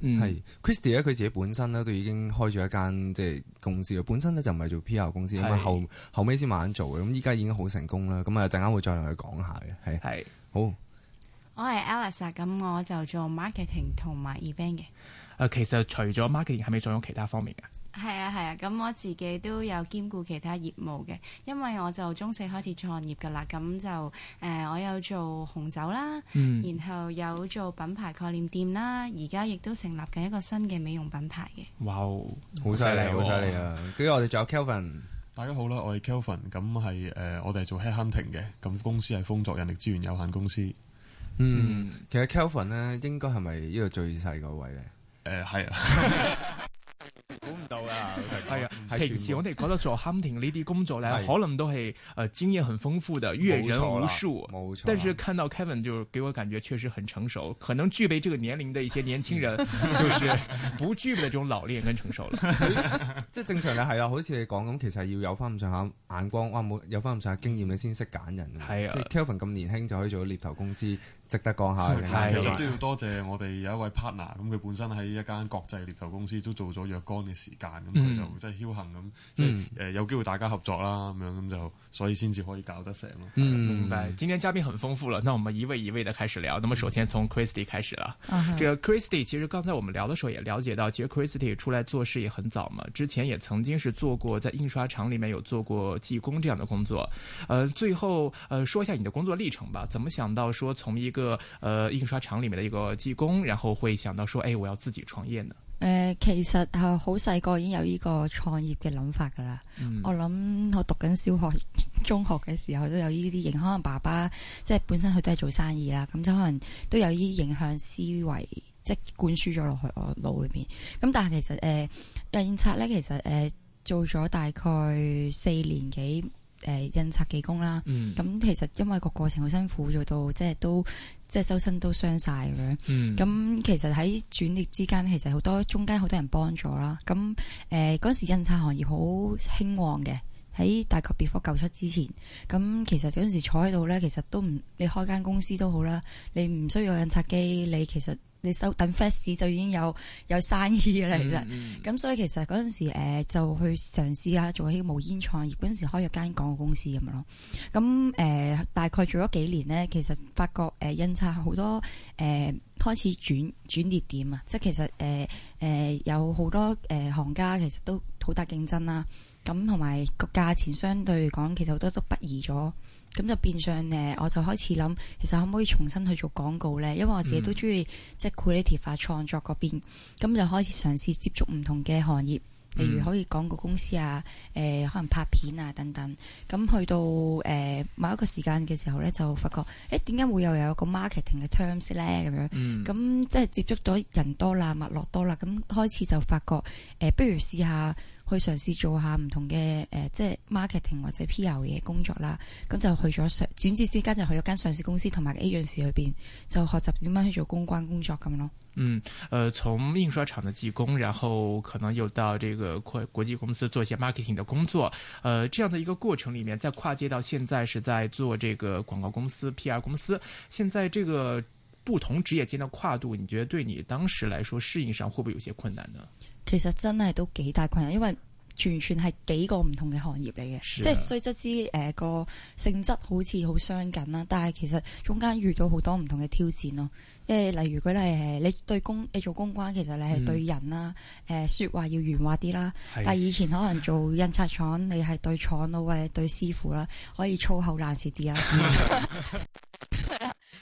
係 Christy 咧，佢、嗯、自己本身咧都已經開咗一間即係公司啦。本身咧就唔係做 PR 公司，咁啊是後後尾先慢慢做嘅。咁依家已經好成功啦。咁啊陣間會再同佢講下嘅。係係是好。我係 Alice，咁我就做 marketing 同埋 event 嘅。啊、呃，其實除咗 marketing，係咪仲有其他方面噶？係啊係啊，咁、啊、我自己都有兼顧其他業務嘅，因為我就中四開始創業噶啦，咁就誒、呃、我有做紅酒啦，嗯、然後有做品牌概念店啦，而家亦都成立緊一個新嘅美容品牌嘅。哇好犀利，好犀利啊！跟住、嗯、 我哋仲有 Kelvin， 大家好啦，我係 Kelvin，咁係誒、呃、我哋係做 head hunting 嘅，咁公司係豐作人力資源有限公司。嗯，嗯其實 Kelvin 咧，應該係咪呢個最細個位咧？誒係啊。到啦，係啊，係錯，平時我哋覺得做 hunting 呢啲工作咧，可能都係誒經驗很豐富嘅，閱人無數，冇錯。但是看到 Kevin 就俾我感覺，確實很成熟，あ可能具備這個年齡嘅一些年輕人，就是不具備這種老練跟成熟啦。即係正常啦，係啊，好 apparently 似你講咁，其實要有翻咁上下眼光，哇行冇 Bell ions 有翻咁上下經驗，你先識揀人嘅，即係 Kevin 咁年輕就可以做獵頭公司。值得講下嘅其實都要多謝我哋有一位 partner，咁佢的本身喺一間國際獵頭公司都做咗若干嘅時間，咁佢、嗯、就真係僥倖咁，嗯、即係誒、呃、有機會大家合作啦，咁、嗯、樣咁就所以先至可以搞得成咯。明白。今天嘉賓很豐富了，那我們一位一位的開始聊。那麼首先從 Christy 開始啦，嗯、這個 Christy 其實剛才我們聊的時候也了解到，其實 Christy 出來做事也很早嘛，之前也曾經是做過在印刷廠裡面有做過技工這樣的工作。呃，最後呃，說一下你的工作歷程吧，怎麼想到說從一個個呃印刷廠裏面嘅一個技工，然後會想到說，誒，我要自己創業呢？誒，其實係好細個已經有呢個創業嘅諗法噶啦。嗯、我諗我讀緊小學、中學嘅時候都有呢啲影響，可能爸爸即係本身佢都係做生意啦，咁就可能都有呢啲影響思維，即係灌輸咗落去我腦裏邊。咁但係其實誒、呃、印刷咧，其實誒、呃、做咗大概四年幾。誒印刷技工啦，咁、嗯、其實因為個過程好辛苦，做到即係都即係周身都傷晒。咁樣、嗯。咁其實喺轉職之間，其實好多中間好多人幫助啦。咁誒嗰陣時印刷行業好興旺嘅，喺大概 before 九七之前。咁其實嗰陣時坐喺度咧，其實都唔，你開間公司都好啦，你唔需要有印刷機，你其實。你收等費事就已經有有生意嘅啦，其實咁、mm hmm。嗯、所以其實嗰陣時，呃、就去嘗試下做起無煙創業嗰陣時開咗間廣告公司咁樣咯，咁誒、嗯呃、大概做咗幾年咧，其實發覺誒、呃、印刷好多誒、呃、開始轉轉裂點啊，即係其實誒誒、呃呃、有好多誒、呃、行家其實都好大競爭啦，咁同埋個價錢相對講其實好多都不宜咗。咁就變相誒，我就開始諗，其實可唔可以重新去做廣告呢？因為我自己都中意、嗯、即係 quality 化創作嗰邊，咁就開始嘗試接觸唔同嘅行業，例如可以廣告公司啊，誒、呃、可能拍片啊等等。咁去到誒、呃、某一個時間嘅時候呢，就發覺誒點解會又又有一個 marketing 嘅 terms 呢？嗯，咁樣，咁即係接觸咗人多啦、脈絡多啦，咁開始就發覺誒、呃，不如試下。去嘗試做下唔同嘅誒、呃，即係 marketing 或者 PR 嘅工作啦。咁就去咗上轉接之間，就去咗間上市公司同埋 A 上市公司裏邊，就學習點樣去做公關工作咁咯。嗯，誒、呃，從印刷廠嘅技工，然後可能又到這個國國際公司做一些 marketing 嘅工作，呃，這樣的一個過程裡面，再跨界到現在是在做這個廣告公司 PR 公司，現在這個。不同職業間的跨度，你覺得對你當時來說適應上會不會有些困難呢？其實真係都幾大困難，因為完全係幾個唔同嘅行業嚟嘅，是啊、即係雖則之誒個性質好似好相近啦，但係其實中間遇到好多唔同嘅挑戰咯。即係例如，佢係誒，你對公，你做公關，其實你係對人啦，誒、嗯呃、說話要圓滑啲啦。是但係以前可能做印刷廠，你係對廠佬或者對師傅啦，可以粗口爛舌啲啊。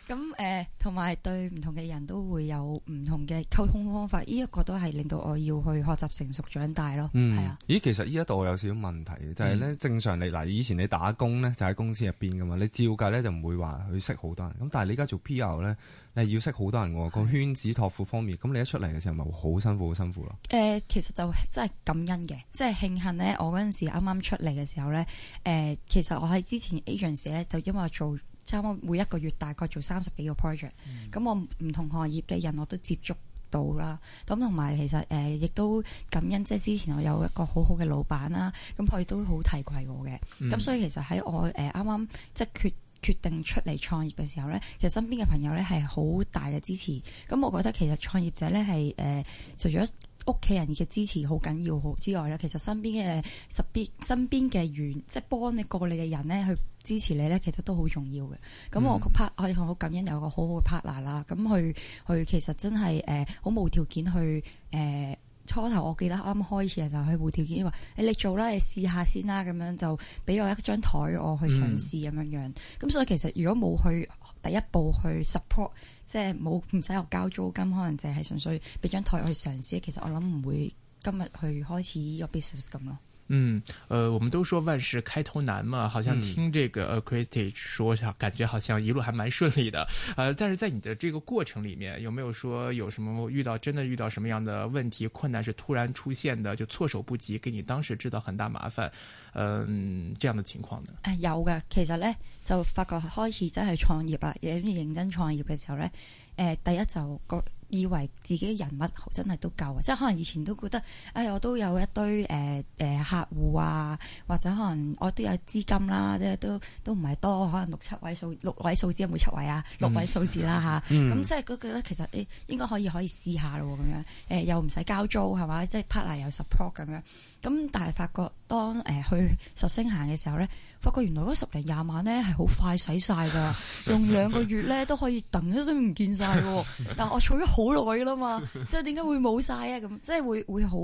咁誒， 呃、同埋對唔同嘅人都會有唔同嘅溝通方法，呢、這、一個都係令到我要去學習成熟長大咯。係、嗯、啊，咦，其實呢一度我有少少問題嘅，就係、是、咧、嗯、正常你嗱，以前你打工咧就喺公司入邊噶嘛，你照計咧就唔會話去識好多人。咁但係你而家做 P. R. 咧。係要識好多人喎、哦，個的圈子拓闊方面，咁你一出嚟嘅時候咪好、就是、辛苦，好辛苦咯。誒、呃，其實就真係感恩嘅，即、就、係、是、慶幸咧。我嗰陣時啱啱出嚟嘅時候咧，誒、呃，其實我喺之前 agency 咧，就因為做差唔多每一個月大概做三十幾個 project，咁、嗯、我唔同行業嘅人我都接觸到啦。咁同埋其實誒，亦、呃、都感恩，即係之前我有一個好好嘅老闆啦，咁佢都好提携我嘅。咁、嗯、所以其實喺我誒啱啱即係決。決定出嚟創業嘅時候咧，其實身邊嘅朋友咧係好大嘅支持。咁我覺得其實創業者咧係誒，除咗屋企人嘅支持好緊要好之外咧，其實身邊嘅身邊身邊嘅員即係幫你過你嘅人咧去支持你咧，其實都好重要嘅。咁我個 partner 好感恩有個好好嘅 partner 啦，咁佢佢其實真係誒好無條件去誒。呃初頭我記得啱開始嘅時候，佢、就、無、是、條件，因為、欸、你做啦，你試下先啦，咁樣就俾我一張台我去嘗試咁樣、嗯、樣。咁所以其實如果冇去第一步去 support，即係冇唔使我交租金，可能就係純粹俾張台去嘗試。其實我諗唔會今日去開始個 business 咁咯。嗯，呃，我們都說萬事開頭難嘛，好像聽這個 Christy 說，想、嗯、感覺好像一路還蠻順利的，呃，但是在你的這個過程裏面，有沒有說有什麼遇到真的遇到什麼樣的問題困難是突然出現的，就措手不及，給你當時製造很大麻煩，嗯、呃，這樣的情況呢？誒、呃，有嘅，其實咧就發覺開始真係創業啊，有啲認真創業嘅時候咧，誒、呃，第一就個。以為自己人物真係都夠啊！即係可能以前都覺得，哎，我都有一堆誒誒、呃呃、客戶啊，或者可能我都有資金啦，即係都都唔係多，可能六七位數，六位數字唔會七位啊，六位數字啦吓，咁、啊嗯、即係覺得其實誒、欸、應該可以可以試下咯咁樣，誒、呃、又唔使交租係嘛，即係 partner 有 support 咁樣。咁但係發覺當誒、呃、去實星行嘅時候咧。發覺原來嗰十零廿萬咧係好快使晒噶用兩個月咧都可以等一聲唔見晒噶但我儲咗好耐噶嘛，之後即係點解會冇晒啊？咁即係會會好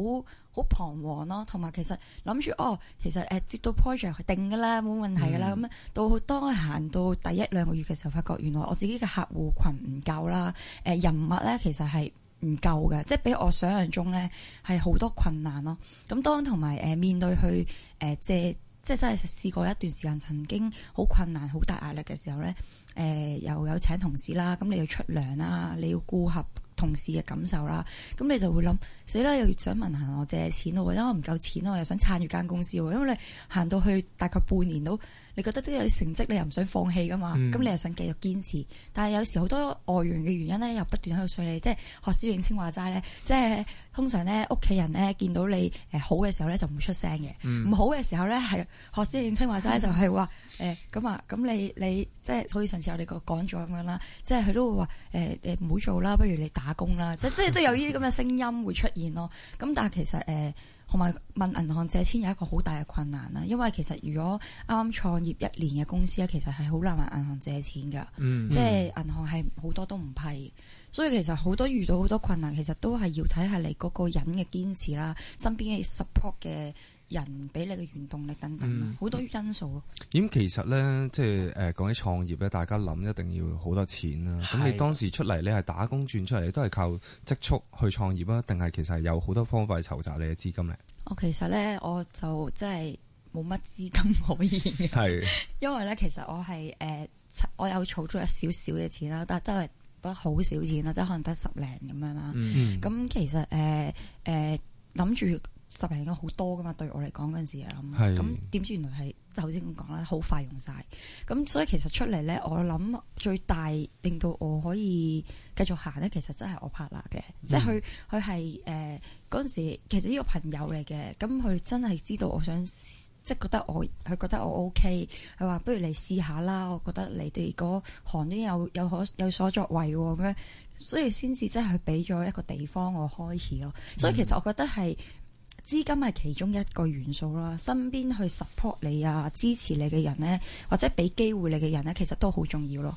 好彷徨咯，同埋其實諗住哦，其實誒、呃、接到 project 定噶啦，冇問題噶啦。咁、嗯、到當行到第一兩個月嘅時候，發覺原來我自己嘅客戶群唔夠啦，誒、呃、人物咧其實係唔夠嘅，即係比我想象中咧係好多困難咯。咁當同埋誒面對去誒、呃、借。即係真係試過一段時間，曾經好困難、好大壓力嘅時候呢，誒、呃、又有請同事啦，咁你要出糧啦，你要顧及同事嘅感受啦，咁你就會諗死啦！又想問下我借錢咯，或者我唔夠錢咯，又想撐住間公司喎，因為你行到去大概半年都。你覺得都有啲成績，你又唔想放棄噶嘛？咁、嗯、你又想繼續堅持，但係有時好多外源嘅原因咧，又不斷喺度說你，即係學司永清話齋咧，即係通常咧屋企人咧見到你誒好嘅時候咧就唔出聲嘅，唔好嘅時候咧係學司永清話齋就係話誒咁啊咁你你即係好似上次我哋講講咗咁樣啦，即係佢都會話誒誒唔好做啦，不如你打工啦，即係即係都有呢啲咁嘅聲音會出現咯。咁 但係其實誒。呃同埋問銀行借錢有一個好大嘅困難啦，因為其實如果啱啱創業一年嘅公司咧，其實係好難問銀行借錢㗎，嗯、哼即係銀行係好多都唔批，所以其實好多遇到好多困難，其實都係要睇下你嗰個人嘅堅持啦，身邊嘅 support 嘅。人俾你嘅原動力等等好、嗯、多因素咯。咁、嗯、其實咧，即係誒講起創業咧，大家諗一定要好多錢啦。咁的你當時出嚟你係打工轉出嚟，都係靠積蓄去創業啊？定係其實有好多方法去籌集你嘅資金咧？嗯嗯、我其實咧，我就真係冇乜資金可以嘅，的 因為咧，其實我係誒、呃，我有儲咗一少少嘅錢啦，但都係得好少錢啦，即係可能得十零咁樣啦。嗯，咁、嗯、其實誒誒諗住。呃呃十零個好多㗎嘛？對我嚟講嗰陣時，諗咁點知原來係頭先咁講啦，好快用晒。咁。所以其實出嚟咧，我諗最大令到我可以繼續行咧，其實真係我 partner 嘅，嗯、即係佢佢係誒嗰陣時其實呢個朋友嚟嘅。咁佢真係知道我想，即係覺得我佢覺得我 OK，佢話不如你試下啦。我覺得你哋嗰行都有有可有所作為咁樣，所以先至真係俾咗一個地方我開始咯。嗯、所以其實我覺得係。資金係其中一個元素啦，身邊去 support 你啊、支持你嘅人呢，或者俾機會你嘅人呢，其實都好重要咯。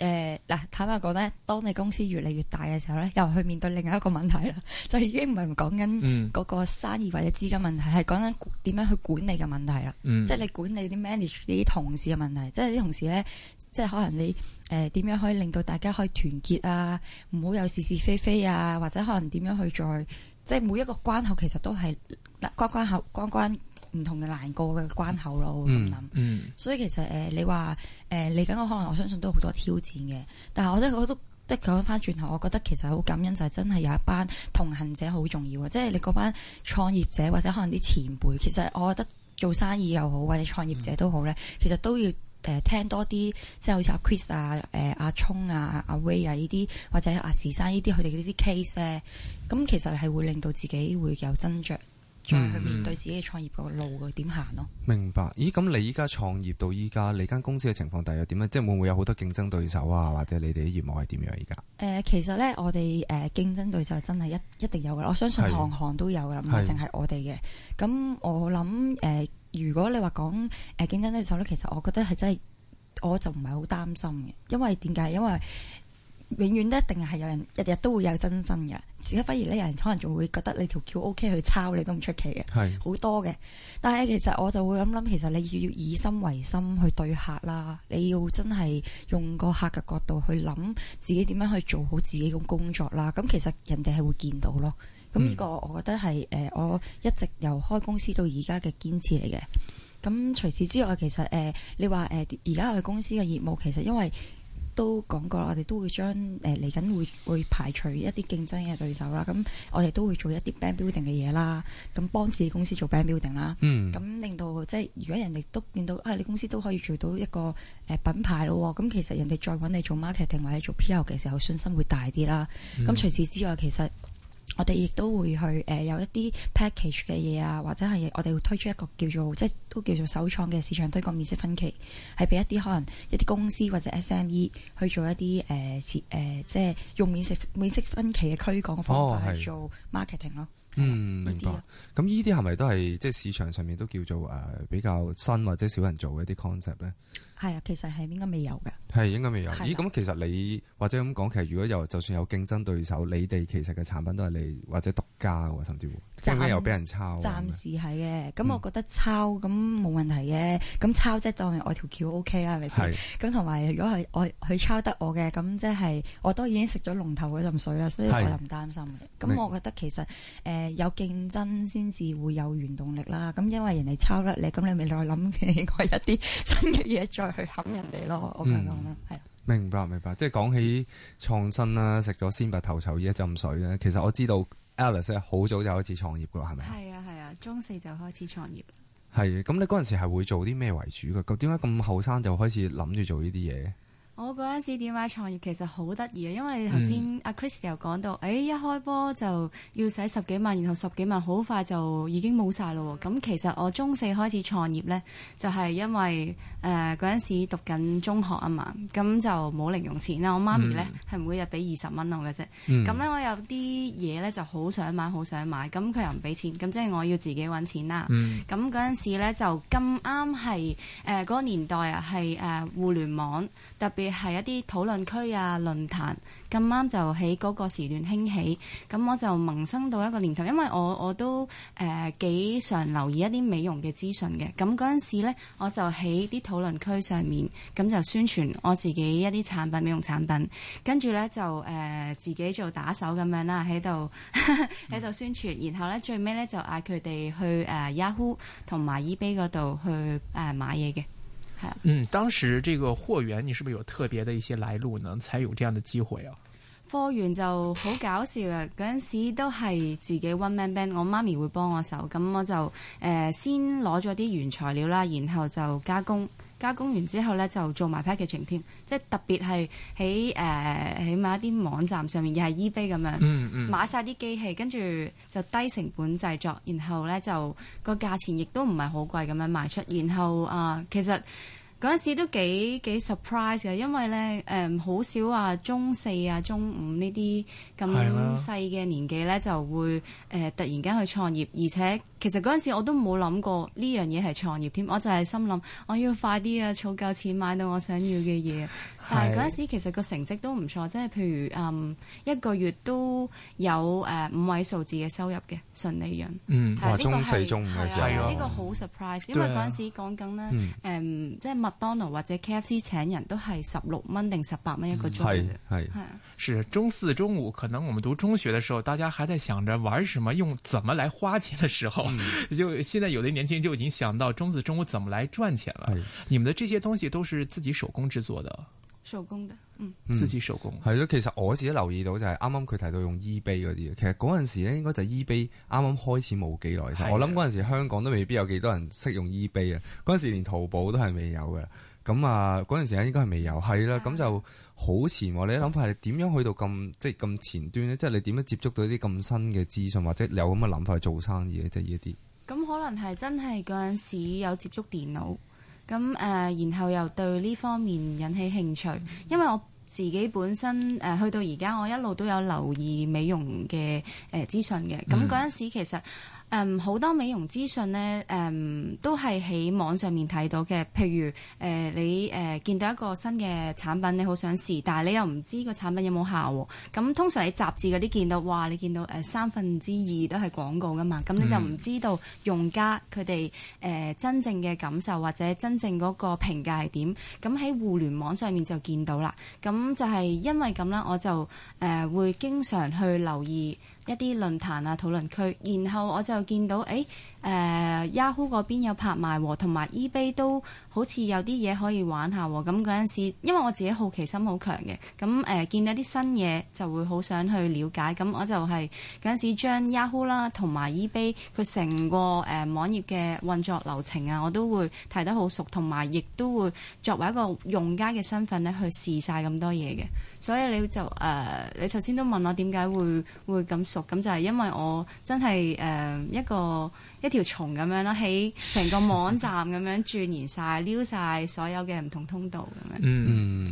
誒嗱、呃，坦白講咧，當你公司越嚟越大嘅時候咧，又去面對另外一個問題啦，就已經唔係唔講緊嗰個生意或者資金問題，係講緊點樣去管理嘅問題啦。嗯、即係你管理啲 manage 啲同事嘅問題，即係啲同事咧，即係可能你誒點、呃、樣可以令到大家可以團結啊，唔好有是是非非啊，或者可能點樣去再即係每一個關口其實都係關關口關關。唔同嘅難過嘅關口咯，我咁諗。Mm hmm. 所以其實誒、呃，你話誒嚟緊，我可能我相信都好多挑戰嘅。但係我覺得，我都即講翻轉頭，我覺得其實好感恩就係真係有一班同行者好重要啊！即係你嗰班創業者或者可能啲前輩，其實我覺得做生意又好或者創業者都好咧，mm hmm. 其實都要誒聽多啲，即係好似阿 Chris 啊、誒阿聰啊、阿 Ray 啊呢啲，或者阿時生呢啲佢哋呢啲 case 咧，咁其實係會令到自己會有增長。再去面對自己嘅創業個路會點行咯。嗯、明白，咦？咁你依家創業到依家，你間公司嘅情況大約點咧？即係會唔會有好多競爭對手啊？或者你哋嘅業務係點樣而、啊、家？誒、呃，其實咧，我哋誒、呃、競爭對手真係一一定有㗎喇。我相信行行都有啦，唔係淨係我哋嘅。咁是我諗誒、呃，如果你話講誒競爭對手咧，其實我覺得係真係，我就唔係好擔心嘅，因為點解？因為永遠都一定係有人日日都會有真心嘅，自己反而咧，有人可能仲會覺得你條橋 OK 去抄你都唔出奇嘅，好是多嘅。但係其實我就會諗諗，其實你要以心為心去對客啦，你要真係用個客嘅角度去諗自己點樣去做好自己嘅工作啦。咁其實人哋係會見到咯。咁呢個我覺得係誒，我一直由開公司到而家嘅堅持嚟嘅。咁除此之外，其實誒、呃，你話誒而家我公司嘅業務其實因為都講過啦，我哋都會將誒嚟緊會會排除一啲競爭嘅對手啦。咁我哋都會做一啲 band building 嘅嘢啦，咁幫自己公司做 band building 啦、嗯。咁令到即係如果人哋都見到啊，你公司都可以做到一個誒、呃、品牌咯。咁其實人哋再揾你做 marketing 或者做 PR 嘅時候，信心會大啲啦。咁除、嗯、此之外，其實。我哋亦都會去誒、呃、有一啲 package 嘅嘢啊，或者係我哋會推出一個叫做即係都叫做首創嘅市場推廣免息分期，係俾一啲可能一啲公司或者 SME 去做一啲誒誒即係用免息免息分期嘅推廣方法去做 marketing 咯。嗯，明白。咁呢啲係咪都係即係市場上面都叫做誒比較新或者少人做嘅一啲 concept 咧？係啊的，其實係應該未有嘅。係應該未有。咦？咁其實你或者咁講，其實如果有就算有競爭對手，你哋其實嘅產品都係你或者獨家喎，甚至乎，點解又俾人抄？暫時係嘅。咁、嗯、我覺得抄咁冇問題嘅。咁抄即係當係我條橋 OK 啦，係咪咁？同埋如果係我佢抄得我嘅，咁即係我都已經食咗龍頭嗰浸水啦，所以我又唔擔心嘅。咁的我覺得其實誒、呃、有競爭先至會有原動力啦。咁因為人哋抄得你，咁你咪再諗其他我一啲新嘅嘢再。去冚人哋咯，我咁樣係、嗯、是明白明白。即係講起創新啦，食咗先拔頭籌，而家浸水咧。其實我知道 Alice 好早就開始創業噶啦，係咪？係啊係啊，中四就開始創業啦。係咁、啊，那你嗰陣時係會做啲咩為主噶？咁點解咁後生就開始諗住做呢啲嘢？我嗰陣時點解創業其實好得意啊，因為你頭先阿 Christy 又講到，誒、嗯哎、一開波就要使十幾萬，然後十幾萬好快就已經冇晒咯。咁其實我中四開始創業咧，就係、是、因為誒嗰陣時讀緊中學啊嘛，咁就冇零用錢啦。我媽咪咧係每日俾二十蚊我嘅啫。咁咧我有啲嘢咧就好想買，好想買，咁佢又唔俾錢，咁即係我要自己揾錢啦。咁嗰陣時咧就咁啱係誒嗰個年代啊，係、呃、誒互聯網。特別係一啲討論區啊、論壇咁啱就喺嗰個時段興起，咁我就萌生到一個念頭，因為我我都誒幾、呃、常留意一啲美容嘅資訊嘅，咁嗰陣時呢我就喺啲討論區上面咁就宣傳我自己一啲產品、美容產品，跟住呢，就、呃、誒自己做打手咁樣啦，喺度喺度宣傳，然後呢、ah e，最尾呢，就嗌佢哋去誒 Yahoo 同埋 eBay 嗰度去誒買嘢嘅。嗯，當時這個貨源你是不是有特別的一些來路呢？才有這樣的機會哦、啊。貨源就好搞笑啊！嗰陣時都係自己 one man band，我媽咪會幫我手，咁我就誒、呃、先攞咗啲原材料啦，然後就加工。加工完之後咧，就做埋 packaging 添，即係特別係喺誒起碼一啲網站上面，又係 eBay 咁樣、嗯嗯、買晒啲機器，跟住就低成本製作，然後咧就個價錢亦都唔係好貴咁樣賣出。然後啊、呃，其實嗰陣時都幾幾 surprise 嘅，因為咧誒好少話、啊、中四啊、中五呢啲咁細嘅年紀咧的就會誒、呃、突然間去創業，而且。其實嗰陣時我都冇諗過呢樣嘢係創業添，我就係心諗我要快啲啊儲夠錢買到我想要嘅嘢。但係嗰陣時其實個成績都唔錯，即係譬如誒、嗯、一個月都有誒、呃、五位數字嘅收入嘅純利潤。嗯，啊這個、中四中五嘅時候，呢對、啊、個好 surprise，因為嗰陣時講緊呢即係麥當勞或者 KFC 請人都係十六蚊定十八蚊一個鐘嘅。係啊、嗯，是中四中五，可能我們讀中學嘅時候，大家還在想着玩什麼、用怎麼來花錢嘅時候。嗯、就現在，有的年輕人就已經想到中子中午怎麼來賺錢了。是你們的這些東西都是自己手工製作的，手工的，嗯，自己手工。係咯、嗯，其實我自己留意到就係啱啱佢提到用 eBay 嗰啲，其實嗰陣時咧應該就 eBay 啱啱開始冇幾耐，嗯、其實我諗嗰陣時香港都未必有幾多人識用 eBay 啊的，嗰陣時連淘寶都係未有嘅。咁啊，嗰陣、嗯、時咧應該係未有，係啦，咁的就好前喎。你諗下係點樣去到咁即係咁前端咧？即、就、係、是、你點樣接觸到啲咁新嘅資訊，或者有咁嘅諗法去做生意咧？即係呢一啲。咁可能係真係嗰陣時有接觸電腦，咁誒、呃，然後又對呢方面引起興趣。嗯、因為我自己本身誒去、呃、到而家，我一路都有留意美容嘅誒、呃、資訊嘅。咁嗰陣時其實。嗯，好多美容資訊咧，誒、嗯，都係喺網上面睇到嘅。譬如誒、呃，你誒、呃、見到一個新嘅產品，你好想試，但係你又唔知個產品有冇效。咁通常喺雜誌嗰啲見到，哇，你見到誒、呃、三分之二都係廣告噶嘛，咁你就唔知道用家佢哋誒真正嘅感受或者真正嗰個評價係點。咁喺互聯網上面就見到啦。咁就係因為咁啦，我就誒、呃、會經常去留意。一啲論壇啊，討論區，然後我就見到，誒、哎。誒、uh, Yahoo 嗰邊有拍賣喎，同埋 eBay 都好似有啲嘢可以玩下喎。咁嗰陣時，因為我自己好奇心好強嘅，咁誒、呃、見到啲新嘢就會好想去了解。咁我就係嗰陣時將 Yahoo 啦，同埋 eBay 佢成個誒、呃、網頁嘅運作流程啊，我都會睇得好熟，同埋亦都會作為一個用家嘅身份咧去試晒咁多嘢嘅。所以你就誒、呃，你頭先都問我點解會會咁熟，咁就係因為我真係誒、呃、一個。一條蟲咁樣咯，喺成個網站咁樣 轉完晒，撩晒所有嘅唔同通道咁樣。嗯，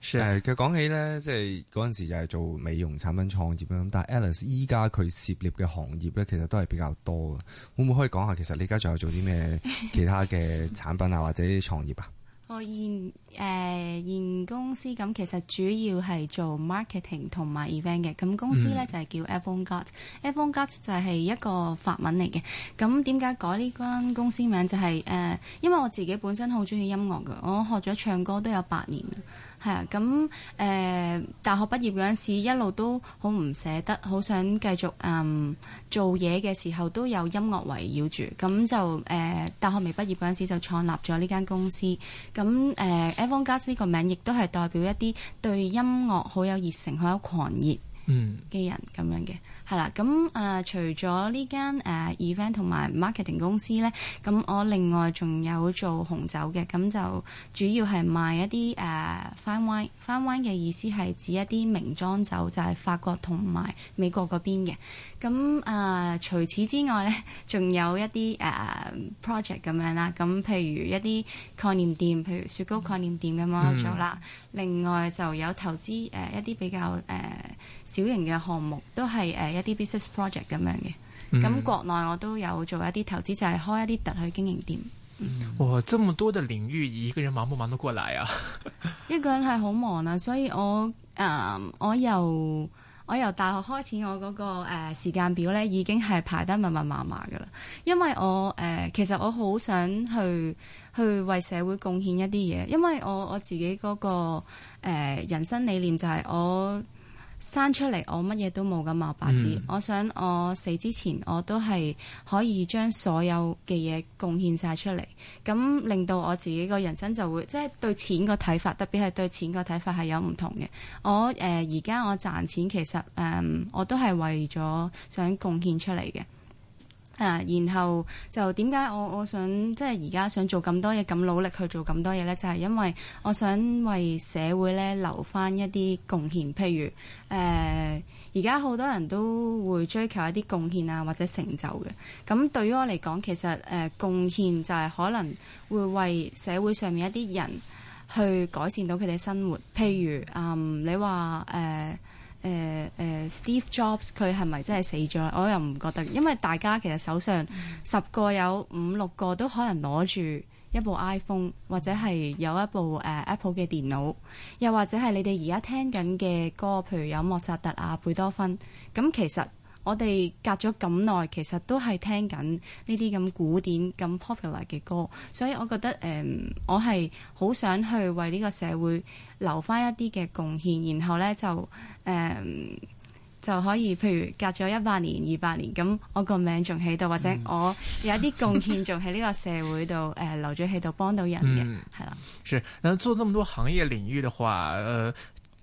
誒，佢講起咧，即係嗰陣時就係做美容產品創業啦。咁但係 Alice 依家佢涉獵嘅行業咧，其實都係比較多嘅。會唔會可以講下，其實你而家仲有做啲咩其他嘅產品啊，或者創業啊？ 我現誒、呃、現公司咁，其實主要係做 marketing 同埋 event 嘅。咁公司呢，嗯、就係叫 Avant-Garde，Avant-Garde 就係一個法文嚟嘅。咁點解改呢間公司名？就係、是、誒、呃，因為我自己本身好中意音樂嘅，我學咗唱歌都有八年啦。係啊，咁誒、呃、大學畢業嗰陣時，一路都好唔捨得，好想繼續嗯、呃、做嘢嘅時候都有音樂圍繞住，咁就誒、呃、大學未畢業嗰陣時就創立咗呢間公司，咁誒、呃、Avant Garde 呢個名亦都係代表一啲對音樂好有熱誠，好有狂熱。 嗯，嘅人咁樣嘅，係 啦。咁、嗯、誒、嗯，除咗呢間誒、呃、event 同埋 marketing 公司咧，咁、嗯、我另外仲有做紅酒嘅，咁、嗯、就主要係賣一啲誒 fine wine。fine wine 嘅意思係指一啲名莊酒，就係、是、法國同埋美國嗰邊嘅。咁、嗯、誒、呃，除此之外咧，仲有一啲誒、呃、project 咁樣啦。咁、嗯、譬如一啲概念店，譬如雪糕概，概念店咁樣做啦。嗯另外就有投資誒一啲比較誒小型嘅項目，都係誒一啲 business project 咁樣嘅。咁、嗯、國內我都有做一啲投資，就係、是、開一啲特許經營店。嗯、哇！這麼多的領域，一個人忙不忙得過來啊？ 一個人係好忙啊，所以我誒、呃，我由我由大學開始，我嗰個誒時間表咧已經係排得密密麻麻㗎喇。因為我誒、呃，其實我好想去。去為社會貢獻一啲嘢，因為我我自己嗰、那個、呃、人生理念就係我生出嚟我乜嘢都冇㗎嘛。」白紙、嗯，我想我死之前我都係可以將所有嘅嘢貢獻晒出嚟，咁令到我自己個人生就會即係、就是、對錢個睇法，特別係對錢個睇法係有唔同嘅。我誒而家我賺錢其實誒、呃、我都係為咗想貢獻出嚟嘅。誒，然後就點解我我想即係而家想做咁多嘢，咁努力去做咁多嘢呢？就係、是、因為我想為社會呢留返一啲貢獻，譬如誒，而家好多人都會追求一啲貢獻啊，或者成就嘅。咁對於我嚟講，其實誒貢獻就係可能會為社會上面一啲人去改善到佢哋生活，譬如嗯、呃，你話誒。呃誒誒、uh, uh,Steve Jobs 佢係咪真係死咗？我又唔覺得，因為大家其實手上十個有五六個都可能攞住一部 iPhone 或者係有一部誒、uh, Apple 嘅電腦，又或者係你哋而家聽緊嘅歌，譬如有莫扎特啊、貝多芬，咁其實。我哋隔咗咁耐，其實都係聽緊呢啲咁古典、咁 popular 嘅歌，所以我覺得誒、呃，我係好想去為呢個社會留翻一啲嘅貢獻，然後咧就誒、呃、就可以，譬如隔咗一百年、二百年，咁我個名仲喺度，或者、嗯、我有一啲貢獻仲喺呢個社會度誒、 呃、留咗喺度幫到人嘅，係啦、嗯。是，那做咁多行業領域的話，呃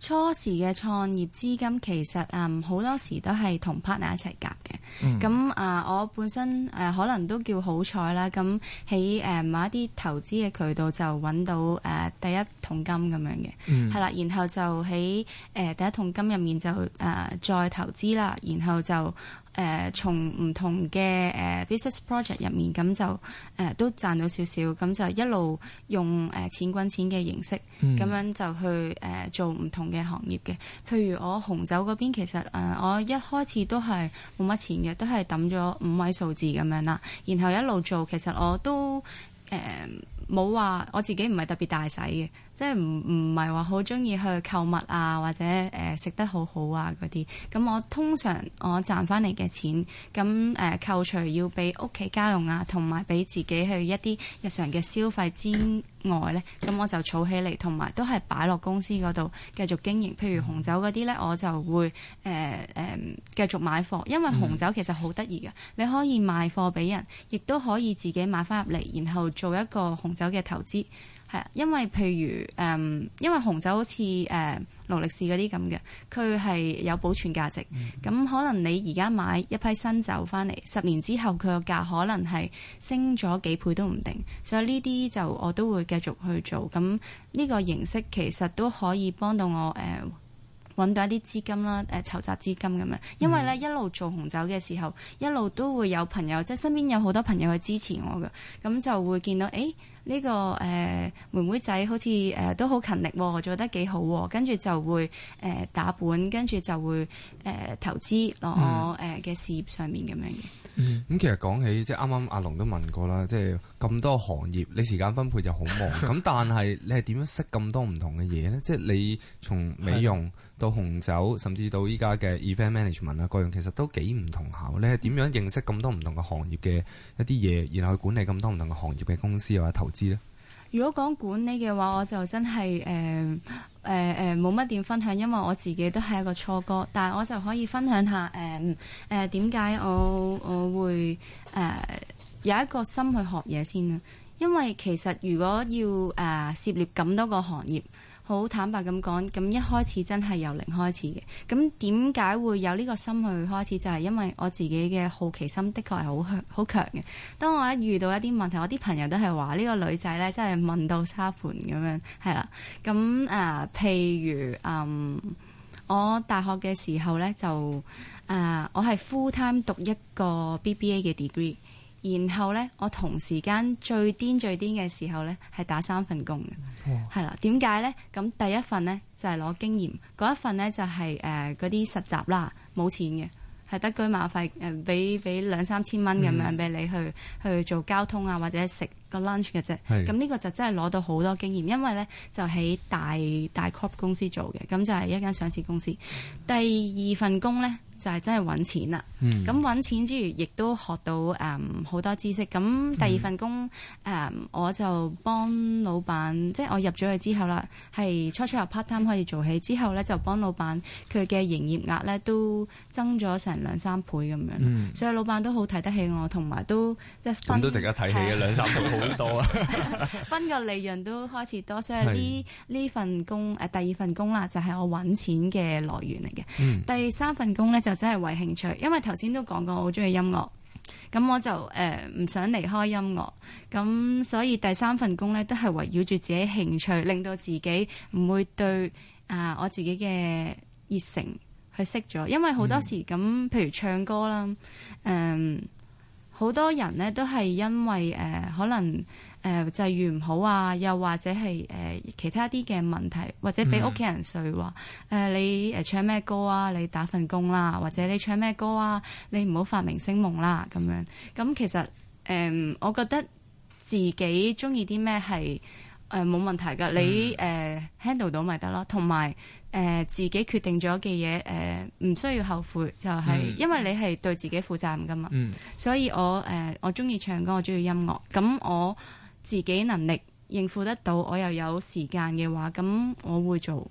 初時嘅創業資金其實誒好、嗯、多時都係同 partner 一齊夾嘅，咁啊、嗯呃、我本身誒、呃、可能都叫好彩啦，咁喺誒某一啲投資嘅渠道就揾到誒、呃、第一桶金咁樣嘅，係啦、嗯，然後就喺誒、呃、第一桶金入面就誒、呃、再投資啦，然後就。誒從唔同嘅誒 business project 入面咁就誒、呃、都賺到少少，咁就一路用誒、呃、錢滾錢嘅形式，咁、嗯、樣就去誒、呃、做唔同嘅行業嘅。譬如我紅酒嗰邊，其實誒、呃、我一開始都係冇乜錢嘅，都係抌咗五位數字咁樣啦。然後一路做，其實我都誒冇話我自己唔係特別大使嘅。即係唔唔係話好中意去購物啊，或者誒食、呃、得好好啊嗰啲。咁我通常我賺翻嚟嘅錢，咁誒、呃、扣除要俾屋企家用啊，同埋俾自己去一啲日常嘅消費之外呢，咁我就儲起嚟，同埋都係擺落公司嗰度繼續經營。譬如紅酒嗰啲呢，我就會誒誒、呃呃、繼續買貨，因為紅酒其實好得意嘅，你可以賣貨俾人，亦都可以自己買翻入嚟，然後做一個紅酒嘅投資。係啊，因為譬如誒、嗯，因為紅酒好似誒勞力士嗰啲咁嘅，佢係有保存價值。咁、嗯、哼可能你而家買一批新酒翻嚟，十年之後佢個價可能係升咗幾倍都唔定。所以呢啲就我都會繼續去做。咁呢個形式其實都可以幫到我誒。呃搵到一啲資金啦，誒、呃、籌集資金咁樣，因為咧、嗯、一路做紅酒嘅時候，一路都會有朋友，即係身邊有好多朋友去支持我嘅，咁就會見到，誒、欸、呢、這個誒、呃、妹妹仔好似誒、呃、都好勤力，我做得幾好，跟住就會誒、呃、打本，跟住就會誒、呃、投資落我誒嘅事業上面咁樣嘅。嗯嗯咁、嗯嗯、其實講起即係啱啱阿龍都問過啦，即係咁多行業，你時間分配就好忙。咁 但係你係點樣識咁多唔同嘅嘢呢？即係 你從美容到紅酒，甚至到依家嘅 event management 啊，各樣其實都幾唔同下。你係點樣認識咁多唔同嘅行業嘅一啲嘢，然後去管理咁多唔同嘅行業嘅公司或者投資呢？如果講管理嘅話，我就真係誒誒誒冇乜點分享，因為我自己都係一個初哥，但係我就可以分享下誒嗯誒點解我我會誒、呃、有一個心去學嘢先啊，因為其實如果要誒、呃、涉獵咁多個行業。好坦白咁講，咁一開始真係由零開始嘅。咁點解會有呢個心去開始？就係、是、因為我自己嘅好奇心，的確係好好強嘅。當我一遇到一啲問題，我啲朋友都係話呢個女仔呢真係問到沙盤咁樣係啦。咁誒、呃，譬如嗯、呃，我大學嘅時候呢，就誒、呃、我係 full time 讀一個 BBA 嘅 degree。然後呢，我同時間最癲最癲嘅時候呢，係打三份工嘅，係啦、哦。點解呢？咁第一份呢，就係、是、攞經驗，嗰一份呢，就係誒嗰啲實習啦，冇錢嘅，係得居馬費誒俾俾兩三千蚊咁樣俾你去去做交通啊或者食個 lunch 嘅啫。咁呢是個就真係攞到好多經驗，因為呢，就喺大大 corp 公司做嘅，咁就係一間上市公司。第二份工呢，就係真係揾錢啦！咁揾錢之餘，亦都學到誒好多知識。咁第二份工誒，我就幫老闆，即係我入咗去之後啦，係初初入 part time 可以做起，之後咧就幫老闆佢嘅營業額咧都增咗成兩三倍咁樣。所以老闆都好睇得起我，同埋都即係分都值得睇起，兩三倍好多啊！分個利潤都開始多。所以呢份工誒第二份工啦，就係我揾錢嘅來源嚟嘅。第三份工咧又真係為興趣，因為頭先都講過我好中意音樂，咁我就誒唔、uh, 想離開音樂，咁所以第三份工呢，都係圍繞住自己興趣，令到自己唔會對啊、uh, 我自己嘅熱誠去熄咗，因為好多時咁，嗯、譬如唱歌啦，誒，好多人呢都係因為誒、uh, 可能。誒際遇唔好啊，又或者係誒、呃、其他啲嘅問題，或者俾屋企人碎話誒，你誒唱咩歌啊？你打份工啦，或者你唱咩歌啊？你唔好發明星夢啦咁樣。咁、嗯嗯、其實誒、呃，我覺得自己中意啲咩係誒冇問題噶，你誒 handle、呃、到咪得咯。同埋誒自己決定咗嘅嘢誒唔需要後悔，就係、是嗯、因為你係對自己負責任噶嘛。嗯、所以我誒、呃、我中意唱歌，我中意音樂，咁我。自己能力應付得到，我又有時間嘅話，咁我會做。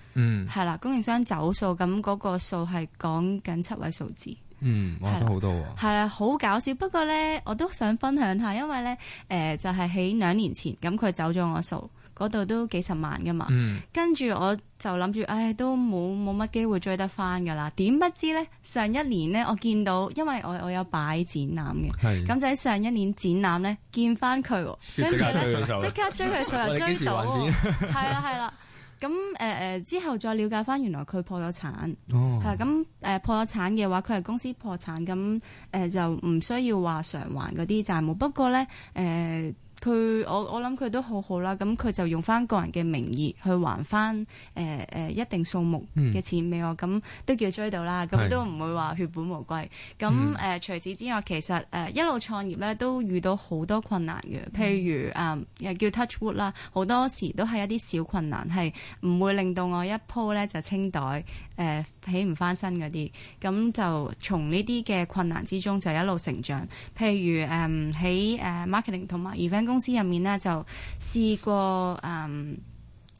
嗯，係啦，供應商走數，咁、那、嗰個數係講緊七位數字。嗯，哇，都好多喎。係啦，好搞笑。不過咧，我都想分享下，因為咧，誒、呃，就係喺兩年前，咁、嗯、佢走咗我數，嗰度都幾十萬噶嘛。嗯、跟住我就諗住，唉，都冇冇乜機會追得翻噶啦。點不知咧，上一年咧，我見到，因為我我有擺展覽嘅，咁的、嗯、就喺上一年展覽咧見翻佢，跟住咧即刻追佢數， 又追到，係啦係啦。咁誒，誒、嗯，之後再了解翻，原來佢破咗產哦。係啦。咁誒，破咗產嘅話，佢係公司破產，咁、嗯、誒，就唔需要話償還嗰啲債務。不過，咧、嗯、誒。佢我我諗佢都好好啦，咁佢就用翻個人嘅名義去還翻誒誒一定數目嘅錢畀我，咁都叫追到啦，咁都唔會話血本無歸。咁誒、呃、除此之外，其實誒、呃、一路創業咧都遇到好多困難嘅，譬如誒、呃、叫 Touch Wood 啦，好多時都係一啲小困難，係唔會令到我一鋪咧就清袋誒。呃起唔翻身嗰啲，咁就從呢啲嘅困難之中就一路成長。譬如誒喺誒 marketing 同埋 event 公司入面咧，就試過誒、呃、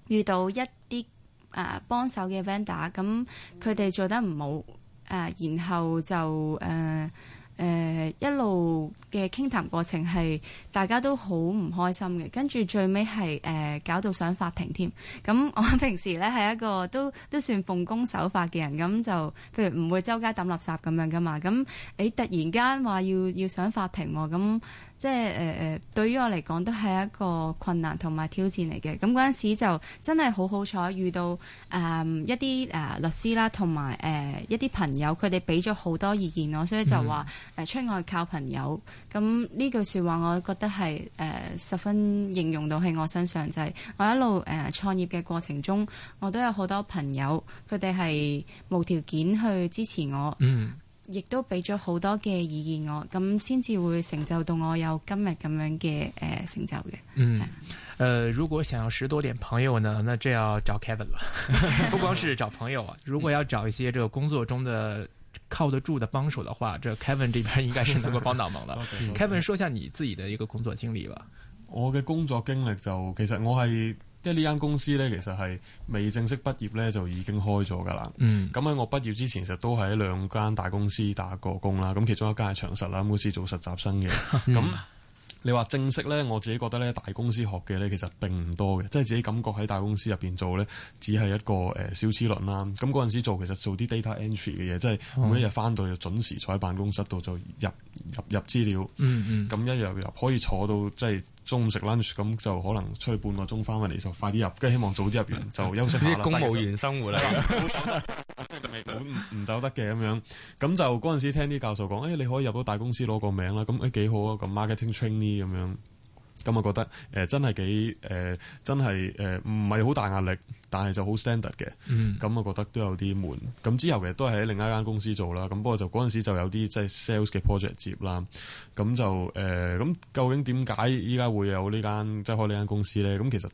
遇到一啲誒、呃、幫手嘅 vendor，咁佢哋做得唔好誒、呃，然後就誒。呃誒、呃、一路嘅傾談過程係大家都好唔開心嘅，跟住最尾係誒搞到上法庭添。咁我平時呢係一個都都算奉公守法嘅人，咁就譬如唔會周街抌垃圾咁樣噶嘛。咁你、欸、突然間話要要上法庭喎，咁～即係誒誒，對於我嚟講都係一個困難同埋挑戰嚟嘅。咁嗰陣時就真係好好彩，遇到誒、呃、一啲誒、呃、律師啦，同埋誒一啲朋友，佢哋俾咗好多意見我，所以就話誒、mm hmm. 呃、出外靠朋友。咁呢句説話，我覺得係誒、呃、十分應用到喺我身上，就係、是、我一路誒、呃、創業嘅過程中，我都有好多朋友，佢哋係無條件去支持我。嗯、mm。Hmm. 亦都俾咗好多嘅意見我，咁先至會成就到我有今日咁樣嘅誒成就嘅。嗯，誒、呃，如果想要識多點朋友呢，那就要找 Kevin 啦。 不光是找朋友啊，如果要找一些這個工作中的靠得住的幫手的話， 這 Kevin 這邊應該是能夠幫到忙啦。 Kevin，說下你自己的一個工作經歷吧。我嘅工作經歷就其實我係。即係呢間公司咧，其實係未正式畢業咧就已經開咗㗎啦。咁喺、嗯、我畢業之前，其實都喺兩間大公司打過工啦。咁其中一間係長實啦，咁好似做實習生嘅。咁、嗯嗯嗯、你話正式咧，我自己覺得咧，大公司學嘅咧其實並唔多嘅，即、就、係、是、自己感覺喺大公司入邊做咧，只係一個誒小資論啦。咁嗰陣時做其實做啲 data entry 嘅嘢，即、就、係、是、每一日翻到就準時坐喺辦公室度就入入入資料。嗯嗯。咁、嗯嗯、一日入可以坐到即係。中午食 lunch 咁就可能出去半個鐘翻翻嚟就快啲入，跟住希望早啲入完就休息啦。啲 公務員生活咧，即未滿唔走得嘅咁樣，咁就嗰陣時聽啲教授講，誒、哎、你可以入到大公司攞個名啦，咁誒、哎、幾好啊，個 marketing trainee 咁樣，咁我覺得誒、呃、真係幾誒、呃、真係誒唔係好大壓力。但係就好 standard 嘅，咁、嗯、我覺得都有啲悶。咁之後其實都係喺另一間公司做啦。咁不過就嗰陣時就有啲即係、就是、sales 嘅 project 接啦。咁就誒，咁、呃、究竟點解依家會有呢間即係、就是、開呢間公司咧？咁其實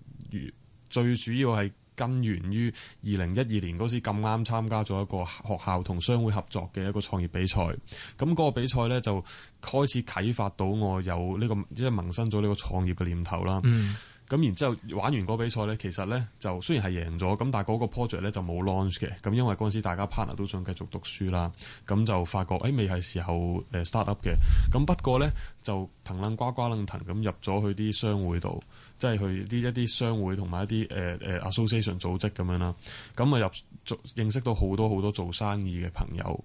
最主要係根源於二零一二年嗰時咁啱參加咗一個學校同商會合作嘅一個創業比賽。咁嗰個比賽咧就開始啟發到我有呢、這個即係、就是、萌生咗呢個創業嘅念頭啦。嗯咁然之後玩完嗰比賽咧，其實咧就雖然係贏咗，咁但係嗰個 project 咧就冇 launch 嘅。咁因為嗰陣時大家 partner 都想繼續讀書啦，咁就發覺誒未係時候誒 start up 嘅。咁不過咧就騰楞、呃、呱呱楞騰咁入咗去啲商會度，即係去呢一啲商會同埋一啲誒誒 association 組織咁樣啦。咁啊入做認識到好多好多做生意嘅朋友。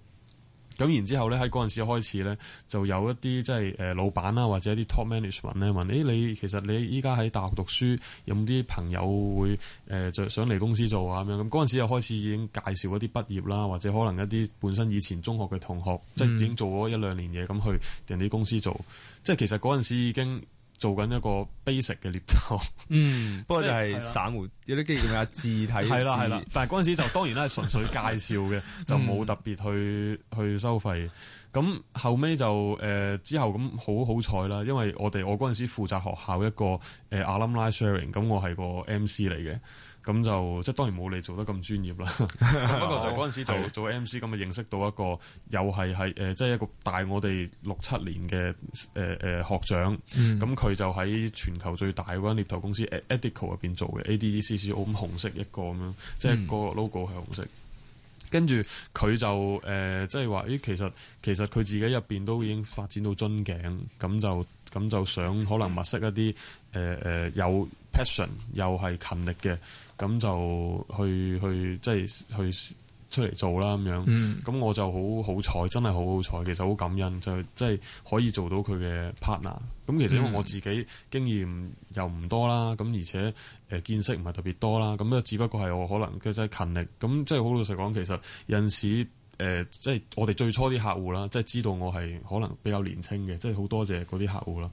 咁然之後咧，喺嗰陣時開始咧，就有一啲即係誒老闆啦，或者一啲 top management 咧問：誒你其實你依家喺大學讀書，有冇啲朋友會誒、呃、想嚟公司做啊？咁樣咁嗰陣時又開始已經介紹一啲畢業啦，或者可能一啲本身以前中學嘅同學，嗯、即係已經做咗一兩年嘢，咁去人哋公司做。即係其實嗰陣時已經。做緊一個 basic 嘅獵頭，嗯，不過就係散戶有啲叫做咩啊自體，係啦係啦，但係嗰陣時就當然啦，係純粹介紹嘅， 就冇特別去去收費。咁、嗯、後尾就誒、呃、之後咁好好彩啦，因為我哋我嗰陣時負責學校一個誒 alumni sharing，咁我係個 MC 嚟嘅。咁就即係當然冇你做得咁專業啦。 不過就嗰陣時做 M C 咁，就 認識到一個又係係誒，即係一個大我哋六七年嘅誒誒學長。咁佢、嗯嗯嗯、就喺全球最大嗰間獵頭公司 e d i c o 入邊做嘅 A D C C，o 咁紅色一個咁樣，即係個 logo 係紅色。跟住佢就誒，即係話咦，其實其實佢自己入邊都已經發展到樽頸，咁就咁就想可能物色一啲誒誒有 passion 又係勤力嘅。咁就去去即係去出嚟做啦咁樣，咁、mm. 我就好好彩，真係好好彩，其實好感恩，就即、是、係、就是、可以做到佢嘅 partner。咁其實因為我自己經驗又唔多啦，咁而且誒、呃、見識唔係特別多啦，咁咧只不過係我可能佢真係勤力，咁即係好老實講，其實有陣時誒即係我哋最初啲客戶啦，即、就、係、是、知道我係可能比較年輕嘅、就是 mm. 即係好多謝嗰啲客戶啦。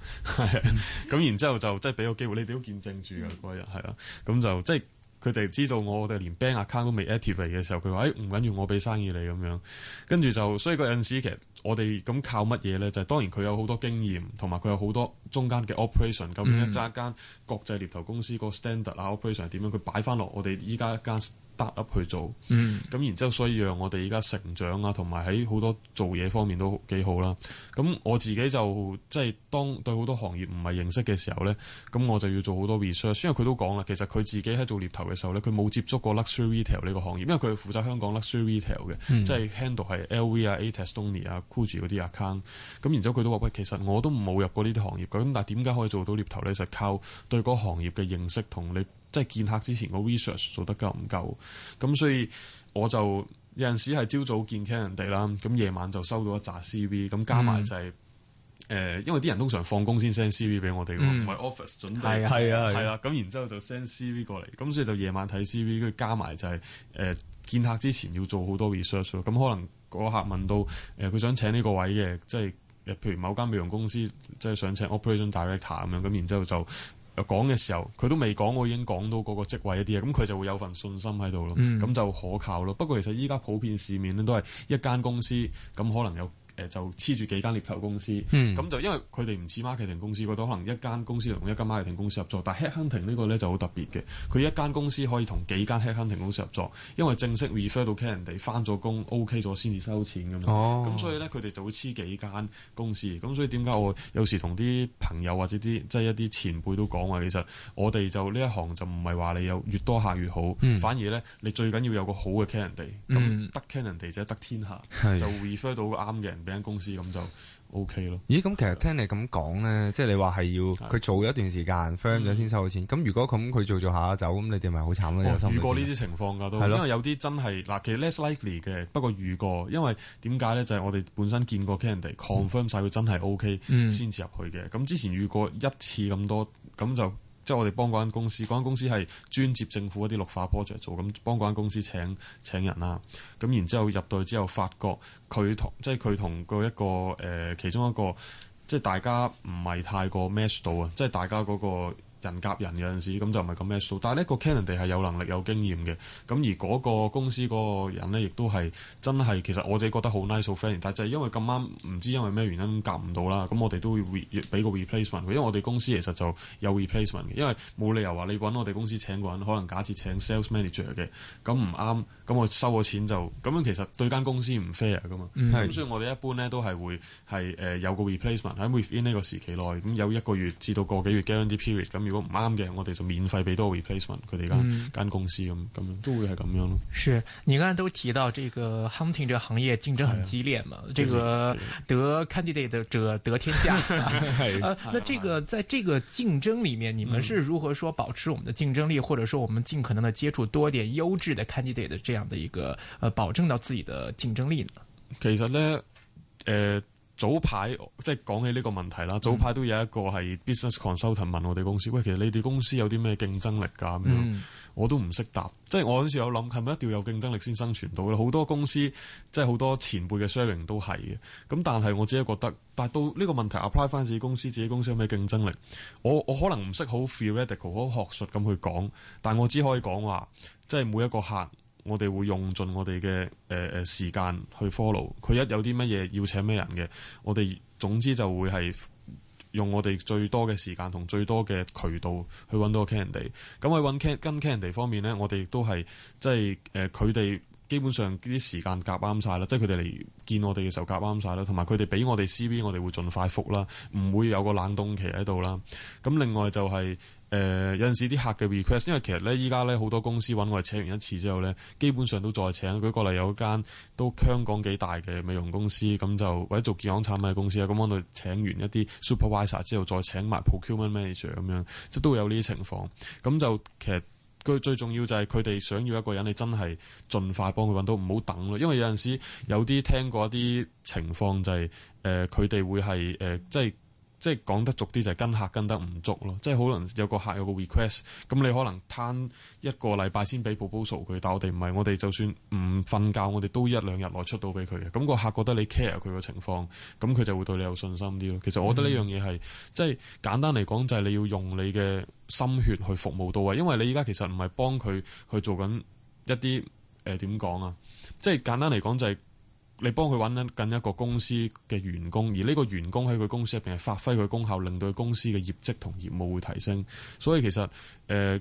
咁然之後就即係俾個機會，你哋都見證住嘅嗰日係啦，咁、嗯、就即係。嗯佢哋知道我哋連 bank account 都未 activate 嘅時候，佢話：誒唔緊要，我俾生意你咁樣。跟住就，所以嗰陣時其實我哋咁靠乜嘢咧？就是、當然佢有好多經驗，同埋佢有好多中間嘅 operation。究竟一揸間國際獵頭公司個 standard 啊 operation 點樣？佢擺翻落我哋依家一間。搭入去做，咁、嗯、然之後，所以讓我哋而家成長啊，同埋喺好多做嘢方面都幾好啦。咁我自己就即係當對好多行業唔係認識嘅時候咧，咁我就要做好多 research。因為佢都講啦，其實佢自己喺做獵頭嘅時候咧，佢冇接觸過 luxury retail 呢個行業，因為佢負責香港 luxury retail 嘅，即係 handle 係 LV 啊、a.testoni 啊、Gucci 嗰啲 account。咁然之後佢都話，喂，其實我都冇入過呢啲行業㗎。咁但係點解可以做到獵頭咧？就係、靠對嗰行業嘅認識同你。即係見客之前個 research 做得夠唔夠，咁所以我就有陣時係朝早見傾人哋啦，咁夜晚就收到一紮 CV，咁加埋就係、是、誒、嗯呃，因為啲人通常放工先 send CV 俾我哋，唔係、嗯、office 準備係、嗯、啊係啊係啦，咁、啊啊、然之後，後就 send CV 過嚟，咁所以就夜晚睇 CV，跟住加埋就係、是、誒、呃、見客之前要做好多 research 咯。咁可能個客問到誒，佢、嗯呃、想請呢個位嘅，即、就、係、是、譬如某間美容公司即係、就是、想請 Operation Director 咁樣，咁然之後就。講嘅時候，佢都未講，我已經講到嗰個職位一啲嘢，咁佢就會有份信心喺度咯，咁、嗯、就可靠咯。不過其實依家普遍市面咧都係一間公司，咁可能有。誒就黐住幾間獵頭公司，咁就、嗯、因為佢哋唔似 marketing 公司，覺得可能一間公司同一間 marketing 公司合作，但 headhunting 呢個咧就好特別嘅，佢一間公司可以同幾間 headhunting 公司合作，因為正式 refer 到 candidate 翻咗工 OK 咗先至收錢㗎嘛，咁、哦、所以咧佢哋就會黐幾間公司，咁所以點解我有時同啲朋友或者啲即係一啲、就是、前輩都講話，其實我哋就呢一行就唔係話你有越多客越好，嗯、反而咧你最緊要有個好嘅 candidate，咁得 candidate 者得天下，是就 refer 到個啱嘅人。間公司咁就 OK 咯。咦，咁其實聽你咁講咧，的即係你話係要佢做一段時間，firm 咗先收到錢。咁、嗯、如果咁佢做做下走，咁你哋咪好慘咯？哦、遇過呢啲情況噶都，的因為有啲真係嗱，其實 less likely 嘅，不過遇過。因為點解咧？就係、是、我哋本身見過 Candy confirm 晒佢真係 OK 先至入去嘅。咁、嗯嗯、之前遇過一次咁多，咁就。即係我哋幫嗰間公司，嗰間公司係專接政府嗰啲綠化 project 做，咁幫嗰間公司請請人啦。咁然之後入到去之後，發覺佢同即係佢同嗰一個誒、呃，其中一個即係大家唔係太過 match 到啊，即係大家嗰、嗰個。人夾人有陣時，咁就唔係咁 smooth，但係呢個 candidate 係有能力有經驗嘅，咁而嗰個公司嗰個人呢，亦都係真係其實我自己覺得 ice, 好 nice 和 friendly，但係就係因為咁啱，唔知因為咩原因夾唔到啦，咁我哋都會會俾個 replacement，因為我哋公司其實就有 replacement 嘅。因為冇理由話你揾我哋公司請個人，可能假設請 sales manager 嘅，咁唔啱。咁我收咗錢就咁樣，其實對間公司唔 fair 噶嘛。咁、嗯嗯、所以我哋一般咧都係會係誒、呃、有個 replacement 喺 within 呢個時期內，咁、嗯、有一個月至到個幾月 guarantee period、嗯。咁如果唔啱嘅，我哋就免費俾多個 replacement 佢哋間間公司咁咁、嗯、都會係咁樣咯。是你剛才都提到這個 hunting 這個行業競爭很激烈嘛？嗯、這個得 candidate 的者得天下。係。 啊， 那這個在這個競爭裡面，你們是如何說保持我們的競爭力，嗯、或者說我們盡可能的接觸多點優質的 candidate 的這樣？嘅一個，誒，保證到自己嘅競爭力呢？其實咧，誒，早排即係講起呢個問題啦。早排都有一個係 business consultant 問我哋公司，嗯、喂，其實你哋公司有啲咩競爭力噶？咁樣、嗯、我都唔識答，即係我嗰時有諗，係咪一定要有競爭力先生存到咧？好多公司即係好多前輩嘅 sharing 都係嘅，咁但係我只係覺得，但係到呢個問題 apply 翻自己公司，自己公司有咩競爭力？我我可能唔識好 philosophical 好學術咁去講，但我只可以講話，即係每一個客。我哋會用盡我哋嘅誒誒時間去 follow，佢一有啲乜嘢要請咩人嘅，我哋總之就會係用我哋最多嘅時間同最多嘅渠道去揾到個 candidate。咁喺揾跟 candidate 方面呢，我哋亦都係即係誒，呃、佢哋基本上啲時間夾啱晒啦，即係佢哋嚟見我哋嘅時候夾啱晒啦，同埋佢哋俾我哋 cv，我哋會盡快覆啦，唔會有個冷凍期喺度啦。咁另外就係。誒、呃、有陣時啲客嘅 request，因為其實咧依家咧好多公司揾我哋請完一次之後咧，基本上都再請。佢過嚟有間都香港幾大嘅美容公司，咁就或者做健康產品嘅公司啊，咁我哋請完一啲 supervisor 之後，再請埋 procurement manager 咁樣，即都會有呢啲情況。咁就其實佢最重要就係佢哋想要一個人，你真係盡快幫佢揾到，唔好等咯。因為有陣時有啲聽過一啲情況、就是，就係誒佢哋會係誒、呃、即係。即係講得俗啲就係、是、跟客跟得唔足咯，即係可能有個客有個 request，咁你可能攤一個禮拜先俾 proposal 佢，但我哋唔係，我哋就算唔瞓覺，我哋都一兩日內出到俾佢嘅。咁、那個客覺得你 care 佢個情況，咁佢就會對你有信心啲咯。其實我覺得呢樣嘢係即係簡單嚟講就係你要用你嘅心血去服務到位，因為你而家其實唔係幫佢去做緊一啲誒點講啊，即係簡單嚟講就係、是。你幫佢搵緊一個公司嘅員工，而呢個員工喺佢公司入邊係發揮佢功效，令到佢公司嘅業績同業務會提升。所以其實誒嗰、呃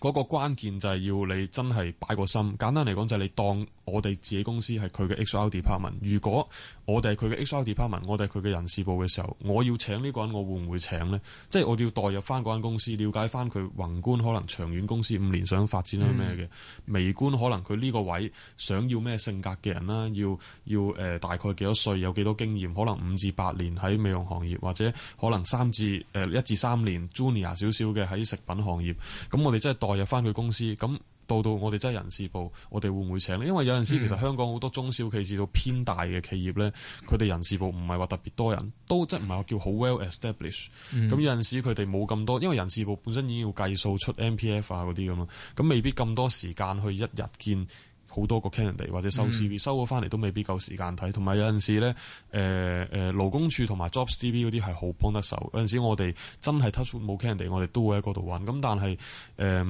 嗰個關鍵就係要你真係擺個心。簡單嚟講就係你當，我哋自己公司係佢嘅 HR department。如果我哋係佢嘅 HR department，我哋係佢嘅人事部嘅時候，我要請呢個人，我會唔會請呢？即係我哋要代入翻嗰間公司，了解翻佢宏觀可能長遠公司五年想發展啦咩嘅，嗯、微觀可能佢呢個位想要咩性格嘅人啦，要要誒、呃、大概幾多歲，有幾多經驗，可能五至八年喺美容行業，或者可能三至誒一、呃、至三年 Junior 少少嘅喺食品行業。咁我哋真係代入翻佢公司咁。到到我哋真係人事部，我哋會唔會請呢？因為有陣時其實香港好多中小企至到偏大嘅企業咧，佢哋、嗯、人事部唔係話特別多人都即係唔係話叫好 well established、嗯。咁有陣時佢哋冇咁多，因為人事部本身已經要計數出 MPF 啊嗰啲咁嘛。咁未必咁多時間去一日見好多個 candidate 或者收 CV，嗯、收咗翻嚟都未必夠時間睇。同埋有陣時咧，誒、呃、誒、呃、勞工處同埋 JobsDB 嗰啲係好幫得手。有陣時我哋真係 touch 冇 candidate 我哋都會喺嗰度揾。咁但係誒。呃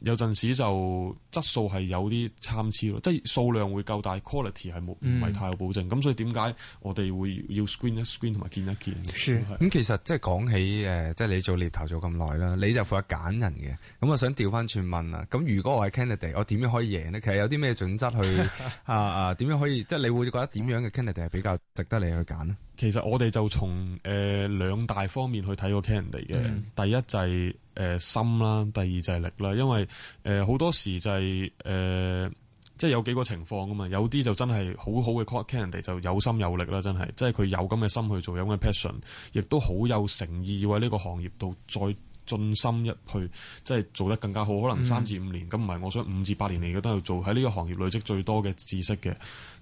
有陣時就質素係有啲參差咯，即係數量會夠大，quality 係冇唔係太有保證。咁、嗯、所以點解我哋會要 screen 一 screen 同埋見一見？咁、嗯是嗯、其實即係講起誒，即、呃、係、就是、你做獵頭做咁耐啦，你就負責揀人嘅。咁我想調翻轉問啦，咁如果我係 candidate，我點樣可以贏呢？其實有啲咩準則去啊 啊？點樣可以？即、就、係、是、你會覺得點樣嘅 candidate 係比較值得你去揀呢？其實我哋就從誒、呃、兩大方面去睇個 candidate 嘅，嗯、第一就係、是、誒、呃、心啦，第二就係力啦。因為誒好、呃、多時就係、是、誒、呃，即係有幾個情況㗎嘛。有啲就真係好好嘅 candidate 就有心有力啦，真係，即係佢有咁嘅心去做，有咁嘅 passion 亦都好有誠意，要喺呢個行業度再盡心一去，即係做得更加好。可能三至五年，咁唔係我想五至八年嚟嘅都係做，喺呢個行業累積最多嘅知識嘅。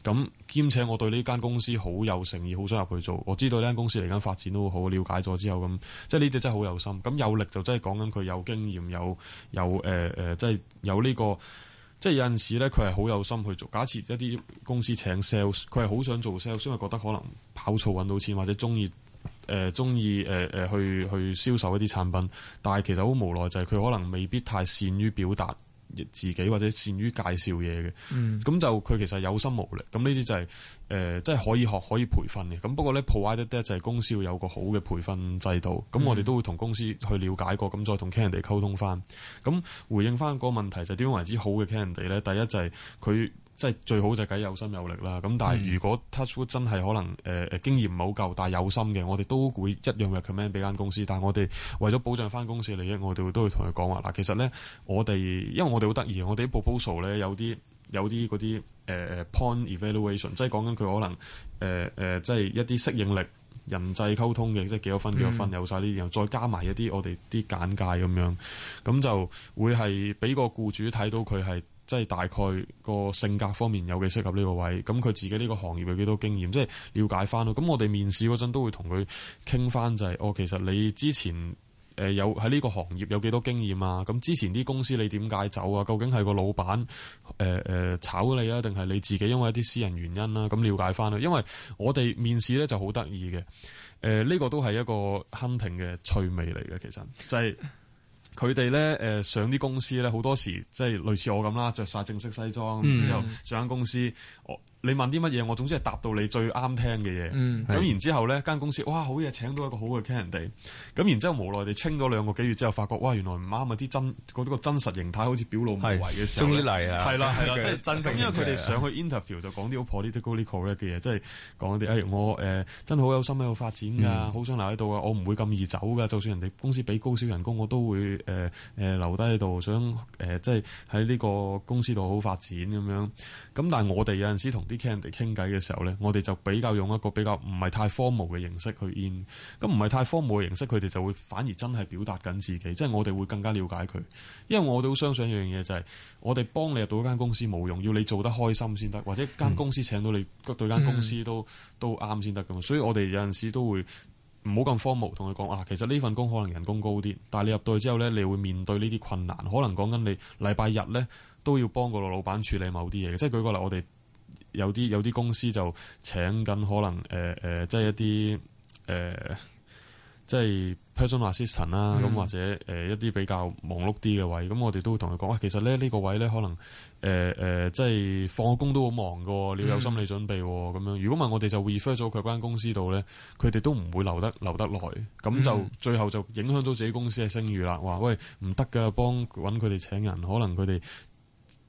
咁兼且我對呢間公司好有誠意，好想入去做。我知道呢間公司嚟緊發展都好，了解咗之後咁，即係呢啲真係好有心。咁有力就真係講緊佢有經驗，有有誒誒、呃，即係有呢、這個。即係有陣時咧，佢係好有心去做。假設一啲公司請 sales，佢係好想做 sales，因為覺得可能跑槽揾到錢，或者中意誒中意誒誒去去銷售一啲產品。但係其實好無奈就係、是、佢可能未必太擅於表達。自己或者善於介紹嘢嘅，咁、嗯、就佢其實有心無力。咁呢啲就係、是、誒，即、呃、係、就是、可以學可以培訓嘅。咁不過咧，provided that is，就係公司要有個好嘅培訓制度。咁、嗯、我哋都會同公司去了解過，咁再同 client 溝通翻，咁回應翻個問題就點樣為之好嘅 client 咧？第一就係佢。即係最好就梗係有心有力啦。咁但係如果 Touchwood 真係可能誒誒、呃、經驗唔好夠，但係有心嘅，我哋都會一樣嘅 recommend 俾間公司。但係我哋為咗保障翻公司利益，我哋都會同佢講話嗱。其實咧，我哋因為我哋好得意，我哋啲 proposal 咧有啲有啲嗰啲誒 point evaluation，即係講緊佢可能誒誒，即、呃、係、呃就是、一啲適應力、人際溝通嘅，即係幾多分幾多分，分嗯、有晒呢啲，然後再加埋一啲我哋啲簡介咁樣，咁就會係俾個僱主睇到佢係。即係大概個性格方面有幾適合呢個位，咁佢自己呢個行業有幾多經驗，即係了解翻咯。咁我哋面試嗰陣都會同佢傾翻，就係哦，其實你之前誒有喺呢個行業有幾多經驗啊？咁之前啲公司你點解走啊？究竟係個老闆誒誒炒你啊，定係你自己因為一啲私人原因啦？咁了解翻咯。因為我哋面試咧就好得意嘅，誒呢個都係一個 hunting 嘅趣味嚟嘅，其實就係。佢哋咧，誒、呃、上啲公司咧，好多時即係類似我咁啦，着晒正式西裝，然之、嗯嗯、後上間公司，我。你問啲乜嘢，我總之係答到你最啱聽嘅嘢。咁然之後咧，間公司哇好嘢，請到一個好嘅 client 咁然之後無奈地清咗兩個幾月之後，發覺哇原來唔啱啊！啲真嗰啲個真實形態好似表露無遺嘅時候，終於嚟啊！係啦係啦，即係真正。因為佢哋上去 interview 就講啲好 politically 嘅嘢，即係講啲誒我誒真係好有心喺度發展㗎，好想留喺度啊！我唔會咁易走㗎，就算人哋公司俾高少人工，我都會誒誒留低喺度，想誒即係喺呢個公司度好發展咁樣。咁但係我哋有陣時同跟人哋傾偈嘅時候呢，我哋就比較用一個比較唔係太 formal 嘅形式去 in 咁，唔係太 formal 嘅形式，佢哋就會反而真係表達緊自己，即係我哋會更加了解佢。因為我都好相信一樣嘢就係、是、我哋幫你入到一間公司冇用，要你做得開心先得，或者間公司請到你、嗯、對間公司都都啱先得噶嘛。所以我哋有陣時都會唔好咁 formal 同佢講啊。其實呢份工可能人工高啲，但係你入到去之後呢，你會面對呢啲困難，可能講緊你禮拜日呢都要幫個老老闆處理某啲嘢，即係舉個例，我哋。有啲有啲公司就請緊可能誒誒、呃呃，即係一啲誒、呃，即係 personal assistant 啦，咁或者誒、呃、一啲比較忙碌啲嘅位，咁我哋都會同佢講話，其實咧呢個位咧可能誒誒、呃呃，即係放工都好忙㗎，你要有心理準備咁、哦嗯、樣。如果唔係，我哋就 refer 咗佢間公司度咧，佢哋都唔會留得留得耐，咁就最後就影響到自己公司嘅聲譽啦。話喂唔得㗎，幫揾佢哋請人，可能佢哋。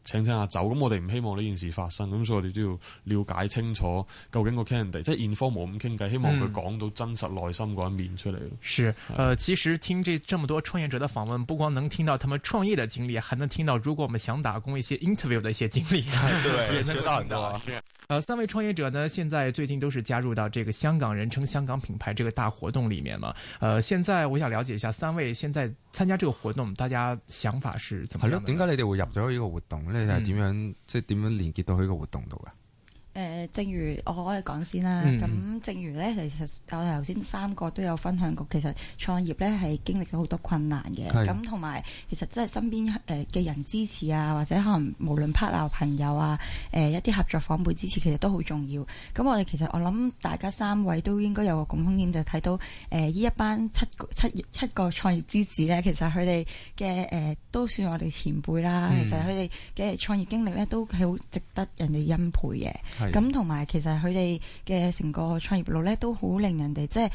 請請阿酒，咁我哋唔希望呢件事發生，咁所以我哋都要了解清楚究竟個 candy，即係現科冇咁傾偈，希望佢講到真實內心嗰一面出嚟咯。嗯、是，呃，其實聽這這麼多創業者的訪問，不光能聽到他們創業嘅經歷，還能聽到，如果我們想打工，一些 interview 的一些經歷。對，也值能 對得聽到。呃是、啊，三位創業者呢，現在最近都是加入到這個香港人撐香港品牌這個大活動裡面嘛。呃、啊，現在我想了解一下三位現在參加這個活動，大家想法是怎麼樣？係咯，點解你哋會入咗呢個活動咧？你係點樣？即係點樣連結到佢個活動度㗎？誒、呃，正如我可以講先啦，咁、嗯、正如咧，其實我哋頭先三個都有分享過，其實創業咧係經歷咗好多困難嘅，咁同埋其實真係身邊誒嘅人支持啊，或者可能無論 partner 朋友啊，誒、呃、一啲合作夥伴支持，其實都好重要。咁我哋其實我諗大家三位都應該有個共通點，就睇到誒呢一班七個七七個創業之子咧，其實佢哋嘅誒都算我哋前輩啦。嗯、其實佢哋嘅創業經歷咧都係好值得人哋欽佩嘅。咁同埋，其實佢哋嘅成個創業路咧，都好令人哋即係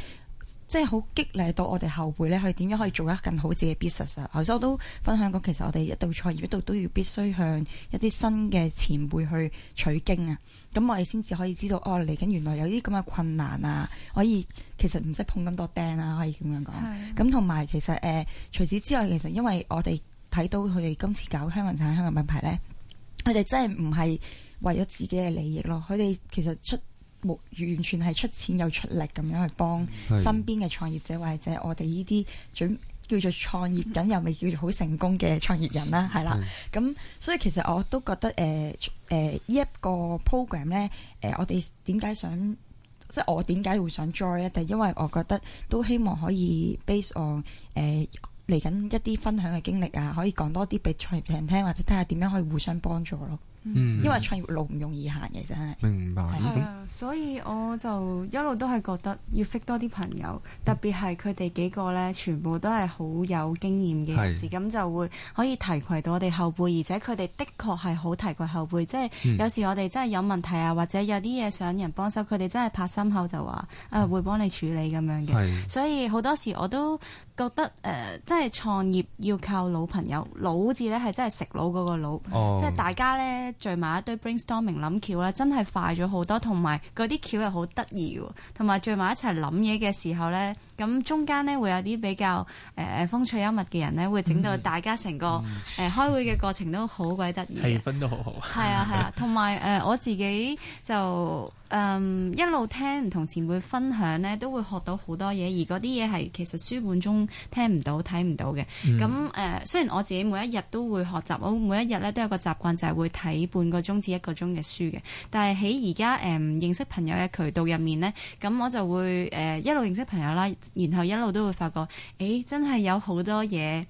即係好激勵到我哋後輩咧，去點樣可以做一更好自己 business 啊！頭先我都分享過，其實我哋一到創業，一度都要必須向一啲新嘅前輩去取經啊！咁我哋先至可以知道，哦嚟緊原來有啲咁嘅困難啊，可以其實唔使碰咁多釘啊，可以咁樣講。咁同埋其實誒、呃，除此之外，其實因為我哋睇到佢哋今次搞香港產香港品牌咧，佢哋真係唔係。為咗自己嘅利益咯，佢哋其實出冇完全係出錢又出力咁樣去幫身邊嘅創業者，或者我哋呢啲準叫做創業緊又未叫做好成功嘅創業人啦，係啦。咁是的 所以其實我都覺得誒誒呢一個 program 咧、呃，誒我哋點解想即係我點解會想 join 一定因為我覺得都希望可以 base on 誒嚟緊一啲分享嘅經歷啊，可以講多啲俾創業人聽，或者睇下點樣可以互相幫助咯。嗯，因為創業路唔容易行嘅，真係。明白。係是是、啊、所以我就一路都係覺得要識多啲朋友，特別係佢哋幾個咧，全部都係好有經驗嘅人士，咁、嗯、就會可以提攜到我哋後輩，而且佢哋的確係好提攜後輩，即、就、係、是、有時我哋真係有問題啊，或者有啲嘢想人幫手，佢哋真係拍心口就話，誒、嗯啊、會幫你處理咁樣嘅。是所以好多時我都覺得誒、呃，真係創業要靠老朋友。老字咧係真係食老嗰個老，oh. 即係大家咧聚埋一堆 brainstorming 諗橋咧，真係快咗好多，同埋嗰啲橋又好得意喎。同埋聚埋一齊諗嘢嘅時候咧，咁中間咧會有啲比較誒、呃、風趣幽默嘅人咧，會整到大家成個誒、嗯呃、開會嘅過程都好鬼得意，氣氛都好好。係啊係啊，同埋誒我自己就誒、呃、一路聽唔同前輩分享咧，都會學到好多嘢，而嗰啲嘢係其實書本中，聽唔到、睇唔到嘅，咁誒、嗯、雖然我自己每一日都會學習，我每一日咧都有個習慣就係會睇半個鐘至一個鐘嘅書嘅，但係喺而家誒認識朋友嘅渠道入面呢，咁我就會誒一路認識朋友啦，然後一路都會發覺，誒、欸、真係有好多嘢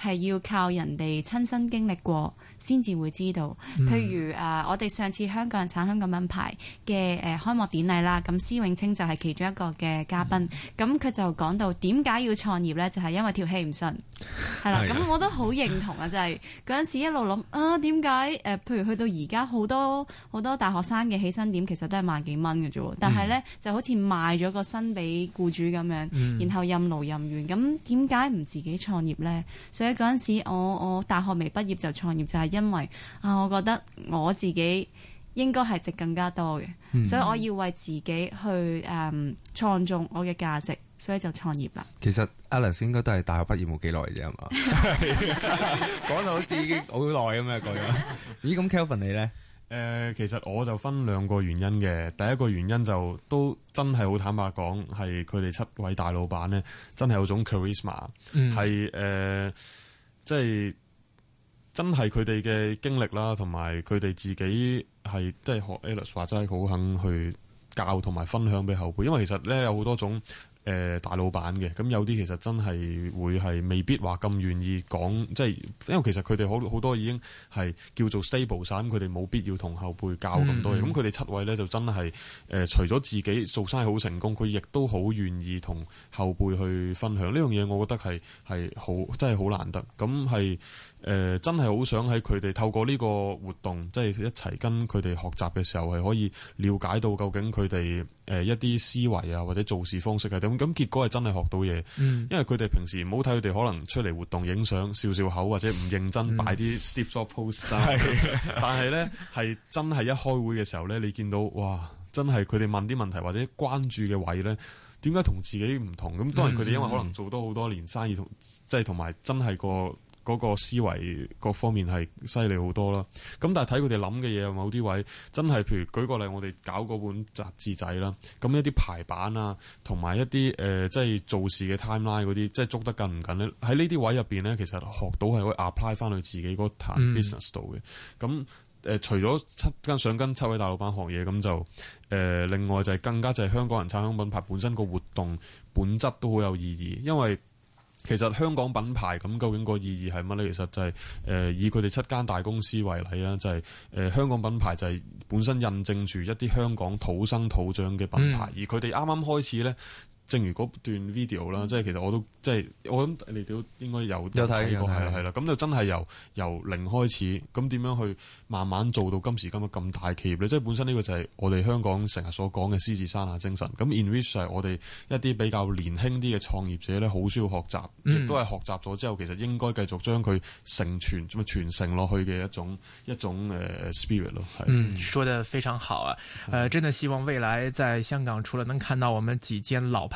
係要靠人哋親身經歷過。先至會知道，譬如誒、嗯啊，我哋上次香港人撐香港品牌嘅誒、呃、開幕典禮啦，咁施永青就係其中一個嘅嘉賓，咁佢、嗯、就講到點解要創業呢？就係、是、因為條氣唔順，係啦、嗯，咁我都好認同、就是、啊！就係嗰陣時一路諗啊，點解誒？譬如去到而家好多好多大學生嘅起薪點其實都係萬幾蚊嘅啫，但係呢，嗯、就好似賣咗個薪俾僱主咁樣，嗯、然後任勞任怨，咁點解唔自己創業呢？所以嗰陣時我我，我大學未畢業就創業就係。因為啊，我覺得我自己應該係值更加多嘅，嗯、所以我要為自己去誒創造我嘅價值，所以就創業啦。其實 Alice 應該都係大學畢業冇幾耐啫，係嘛？ 是？講到自己好耐咁啊，講 咦？咁 Kevin 你咧？誒、呃，其實我就分兩個原因嘅。第一個原因就都真係好坦白講，係佢哋七位大老闆咧、嗯，真係有種 charisma，係誒，即係。真係佢哋嘅經歷啦，同埋佢哋自己係即係學 Al 話。Alice 話真係好肯去教同埋分享俾後輩，因為其實咧有好多種誒、呃、大老闆嘅咁，有啲其實真係會係未必話咁願意講，即係因為其實佢哋好好多已經係叫做 stable 曬，佢哋冇必要同後輩教咁多嘢。咁佢哋七位咧就真係誒、呃，除咗自己做生意好成功，佢亦都好願意同後輩去分享呢樣嘢。我覺得係係好真係好難得咁係。誒、呃，真係好想喺佢哋透過呢個活動，即係一齊跟佢哋學習嘅時候，係可以了解到究竟佢哋誒一啲思維啊，或者做事方式係點咁。結果係真係學到嘢，嗯、因為佢哋平時唔好睇佢哋可能出嚟活動影相、笑笑口或者唔認真擺啲 diss 咗 post。但係咧係真係一開會嘅時候咧，你見到哇，真係佢哋問啲問題或者關注嘅位咧，點解同自己唔同咁？當然佢哋因為可能做多好多年生意，同即係同埋真係個。嗰個思維各方面係犀利好多啦，咁但係睇佢哋諗嘅嘢，有冇啲位真係，譬如舉個例，我哋搞嗰本雜誌仔啦，咁一啲排版啊，同埋一啲誒、呃、即係做事嘅 timeline 嗰啲，即係捉得緊唔緊咧？喺呢啲位入邊咧，其實學到係可以 apply 翻去自己嗰盤 business 度嘅。咁誒、嗯呃，除咗七間想跟七位大老闆學嘢，咁就誒、呃、另外就係更加就係香港人撐香港品牌本身個活動本質都好有意義，因為。其實香港品牌咁究竟個意義係乜呢？其實就係、是、誒、呃、以佢哋七間大公司為例啦。就係、是、誒、呃、香港品牌就係本身印證住一啲香港土生土長嘅品牌，嗯、而佢哋啱啱開始呢。正如段 video 啦，即係其實我都即係我諗你哋應該有、這個、有睇過係啦，係啦，咁就真係由由零開始，咁點樣去慢慢做到今時今日咁大企業咧？即係本身呢個就係我哋香港成日所講嘅獅子山下精神。咁 enrich 係我哋一啲比較年輕啲嘅創業者咧，好需要學習，亦都係學習咗之後其實應該繼續將佢成傳咁啊傳承落去嘅一種一種誒、uh, spirit 咯。係，嗯，嗯說得非常好啊！誒、呃，嗯、真的希望未來在香港，除了能看到我們幾間老牌。